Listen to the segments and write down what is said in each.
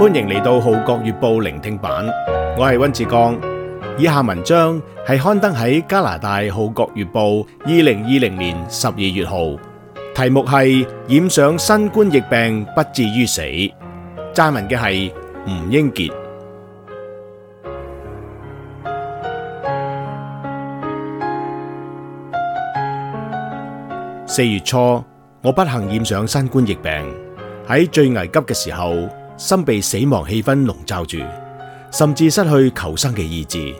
歡迎嚟到《浩國月報》聆聽版，我係溫志剛。以下文章係刊登喺加拿大《浩國月報》二零二零年十二月號，題目係《染上新冠疫病不至於死》，撰文嘅係吳英傑。四月初，我不幸染上新冠疫病，喺最危急嘅時候，心被死亡氣氛籠罩住，甚至失去求生嘅意志。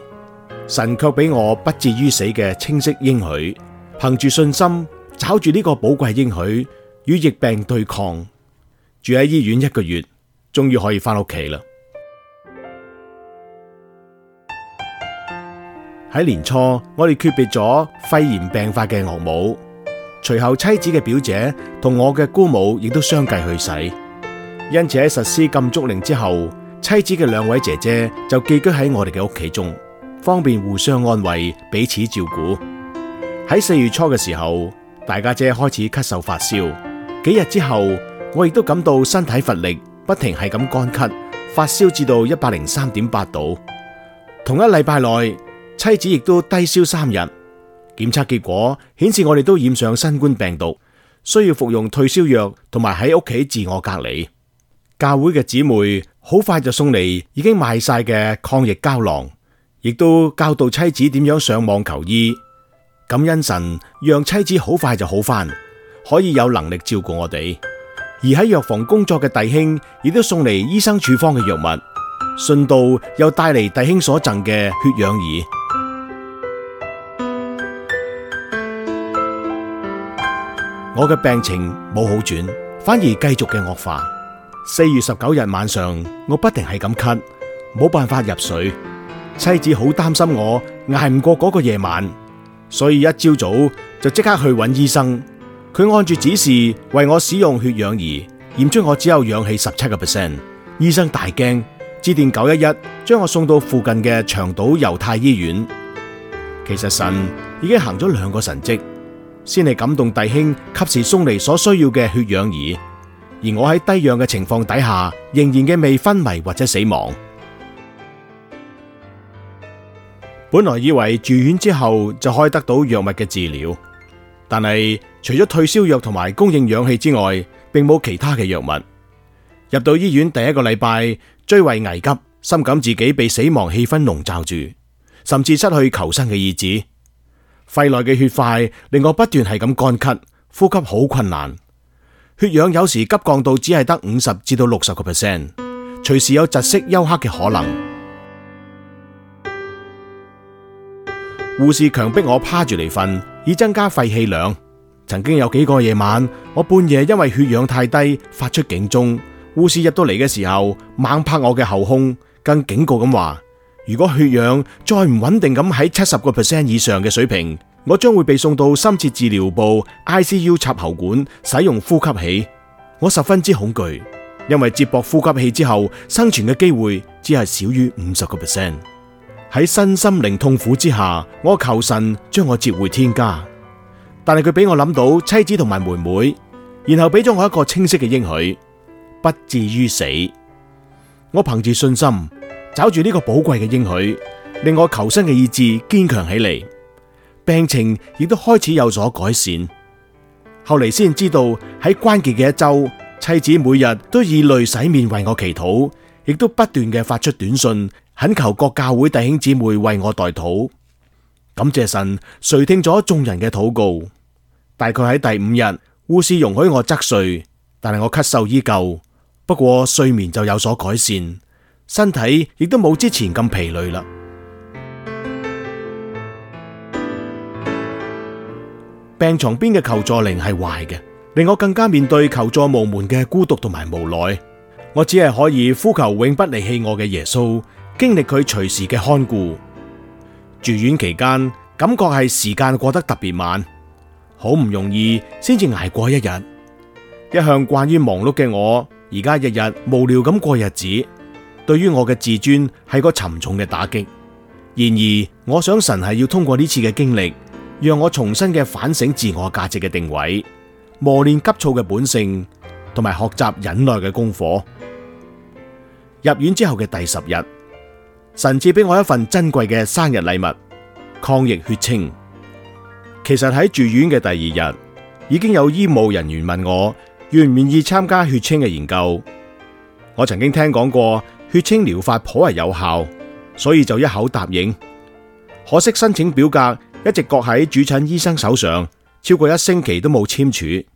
神卻俾我不至於死嘅清晰應許。憑住信心，抓住呢個寶貴應許，與疫病對抗。住喺醫院一個月，終於可以返屋企啦。喺 年初，我哋訣別咗肺炎病發嘅岳母。隨後，妻子嘅表姐同我嘅姑母亦都相繼去世。因此喺實施禁足令之後，妻子嘅兩位姐姐就寄居喺我哋嘅屋企中，方便互相安慰，彼此照顧。喺四月初嘅時候，大家姐開始咳嗽發燒，幾日之後我亦都感到身體乏力，不停係咁乾咳，發燒至到一百零三點八度。同一禮拜內，妻子亦都低燒三日，檢測結果顯示我哋都染上新冠病毒，需要服用退燒藥，同埋喺屋企自我隔離。教會嘅姊妹好快就送嚟已經賣晒嘅抗疫膠囊，亦都教導妻子點樣上網求醫。感恩神，讓妻子好快就好返，可以有能力照顧我哋。而喺藥房工作嘅弟兄亦都送嚟醫生處方嘅藥物，順道又帶嚟弟兄所贈嘅血氧儀。我嘅病情冇好轉，反而繼續嘅惡化。四月十九日晚上，我不停係咁咳，冇辦法入睡。妻子好擔心我，挨唔過嗰個夜晚，所以一朝早就即刻去揾醫生。佢按住指示為我使用血氧儀，驗出我只有氧氣十七個 percent。醫生大驚，致電九一一，將我送到附近嘅長島猶太醫院。其實神已經行咗兩個神蹟，先係感動弟兄及時送嚟所需要嘅血氧儀。而我喺低氧嘅情況底下，仍然嘅未昏迷或者死亡。本來以為住院之後就可以得到藥物嘅治療，但係除咗退燒藥同埋供應氧氣之外，並冇其他嘅藥物。入到醫院第一個禮拜，最為危急，深感自己被死亡氣氛籠罩住，甚至失去求生嘅意志。肺內嘅血塊令我不斷係咁乾咳，呼吸好困難。血氧有時急降到只係得五十至到六十個 percent，隨時有窒息休克嘅可能。護士強迫我趴住嚟瞓，以增加肺氣量。曾經有幾個夜晚，我半夜因為血氧太低發出警鐘，護士入到嚟嘅時候猛拍我嘅後胸，跟警告咁話：如果血氧再唔穩定咁喺七十個 percent 以上嘅水平。我將會被送到深切治療部，ICU 插喉管，使用呼吸器。我十分之恐懼，因為接駁呼吸器之後，生存嘅機會只係少於五十個 percent。喺身心靈痛苦之下，我求神將我接回天家。但係佢俾我諗到妻子同埋妹妹，然後俾咗我一個清晰嘅應許，不至於死。我憑住信心，抓住呢個寶貴嘅應許，令我求生嘅意志堅強起嚟。病情亦都開始有所改善，後嚟先知道喺關鍵嘅一周，妻子每日都以淚洗面為我祈禱，亦都不斷嘅發出短信懇求各教會弟兄姊妹為我代禱。感謝神垂聽咗眾人嘅禱告。大概喺第五日，護士容許我側睡，但係我咳嗽依舊，不過睡眠就有所改善，身體亦都冇之前咁疲累啦。病床邊嘅求助鈴係壞嘅，令我更加面對求助無門嘅孤獨同埋無奈。我只係可以呼求永不離棄我嘅耶穌，經歷佢隨時嘅看顧。住院期間，感覺係時間過得特別慢，好唔容易先至捱過一日。一向慣於忙碌嘅我，而家日日無聊咁過日子，對於我嘅自尊係個沉重嘅打擊。然而，我想神係要通過呢次嘅經歷。讓我重新嘅反省自我價值嘅定位，磨練急躁嘅本性，同埋學習忍耐嘅功課。入院之後嘅第十日，神賜俾我一份珍貴嘅生日禮物——抗疫血清。其實喺住院嘅第二日，已經有醫務人員問我願唔願意參加血清嘅研究。我曾經聽講過血清療法頗為有效，所以就一口答應。可惜申請表格，一直擱喺主診醫生手上，超過一星期都冇簽署。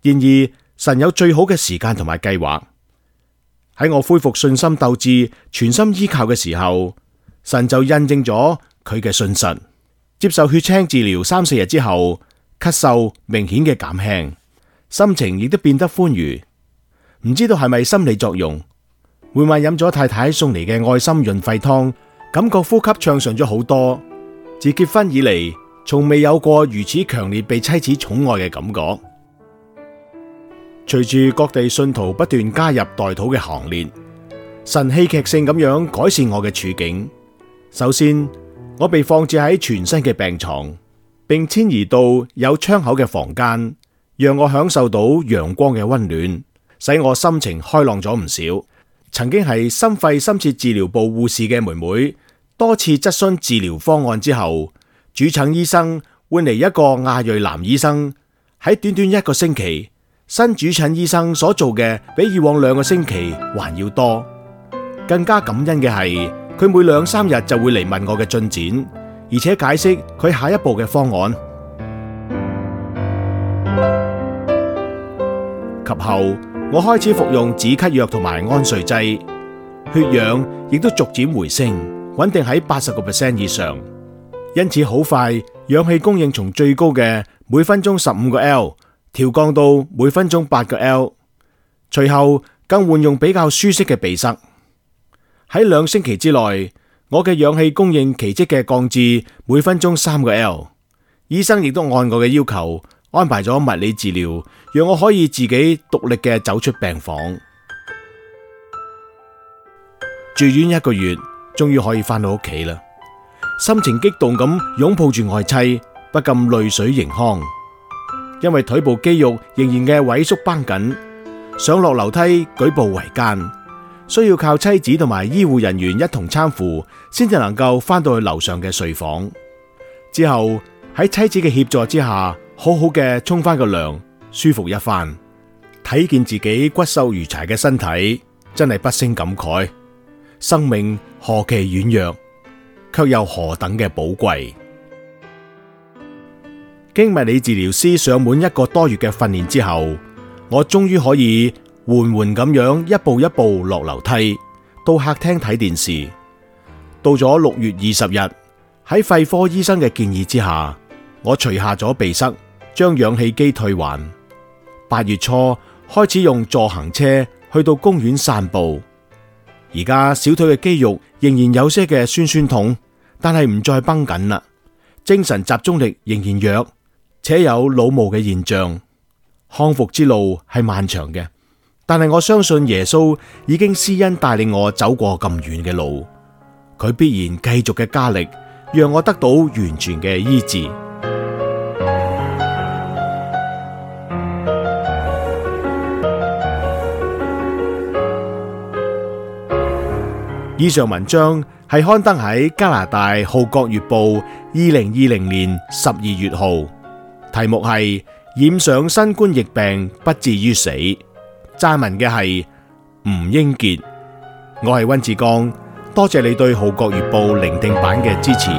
然而，神有最好嘅時間同埋計劃。喺我恢復信心、鬥志、全心依靠嘅時候，神就印證咗佢嘅信實。接受血清治療三四日之後，咳嗽明顯嘅減輕，心情亦都變得歡愉。唔知道係咪心理作用？每晚飲咗太太送嚟嘅愛心潤肺湯，感覺呼吸暢順咗好多。自結婚以嚟，從未有過如此強烈被妻子寵愛嘅感覺。隨住各地信徒不斷加入代禱嘅行列，神戲劇性咁樣改善我嘅處境。首先，我被放置喺全新嘅病床，並遷移到有窗口嘅房間，讓我享受到陽光嘅溫暖，使我心情開朗咗唔少。曾經係心肺深切治療部護士嘅妹妹。多次質詢治療方案之後，主診醫生換嚟一個亞裔男醫生。喺短短一個星期，新主診醫生所做嘅比以往兩個星期還要多。更加感恩嘅係，佢每兩三日就會嚟問我嘅進展，而且解釋佢下一步嘅方案。及後，我開始服用止咳藥同埋安睡劑，血氧亦都逐漸回升。穩定喺八十個 percent 以上，因此好快氧氣供應從最高嘅每分鐘十五個 L 調降到每分鐘八個 L。隨後更換用比較舒適嘅鼻塞。喺兩星期之內，我嘅氧氣供應奇蹟嘅降至每分鐘三個 L。醫生亦都按我嘅要求安排咗物理治療，讓我可以自己獨立嘅走出病房。住院一個月。終於可以翻到屋企啦！心情激動咁擁抱住愛妻，不禁淚水盈眶。因為腿部肌肉仍然嘅萎縮繃緊，上落樓梯舉步維艱，需要靠妻子同埋醫護人員一同攙扶，先至能夠翻到去樓上嘅睡房。之後喺妻子嘅協助之下，好好嘅沖翻個涼，舒服一番。睇見自己骨瘦如柴嘅身體，真係不勝感慨。生命何其軟弱，卻又何等嘅寶貴。經物理治療師上滿一個多月嘅訓練之後，我終於可以緩緩咁樣一步一步落樓梯，到客廳睇電視。到咗六月二十日，喺肺科醫生嘅建議之下，我除下咗鼻塞，將氧氣機退還。八月初，開始用助行車去到公園散步。而家小腿嘅肌肉仍然有些嘅酸酸痛，但係唔再繃緊啦。精神集中力仍然弱，且有腦霧嘅現象。康復之路係漫長嘅，但係我相信耶穌已經施恩帶領我走過咁遠嘅路，佢必然繼續嘅加力，讓我得到完全嘅醫治。以上文章係刊登喺加拿大《號角月報》二零二零年十二月號，題目係染上新冠疫病不至於死。撰文嘅係吳英傑，我係溫志剛，多謝你對《號角月報》聆聽版嘅支持。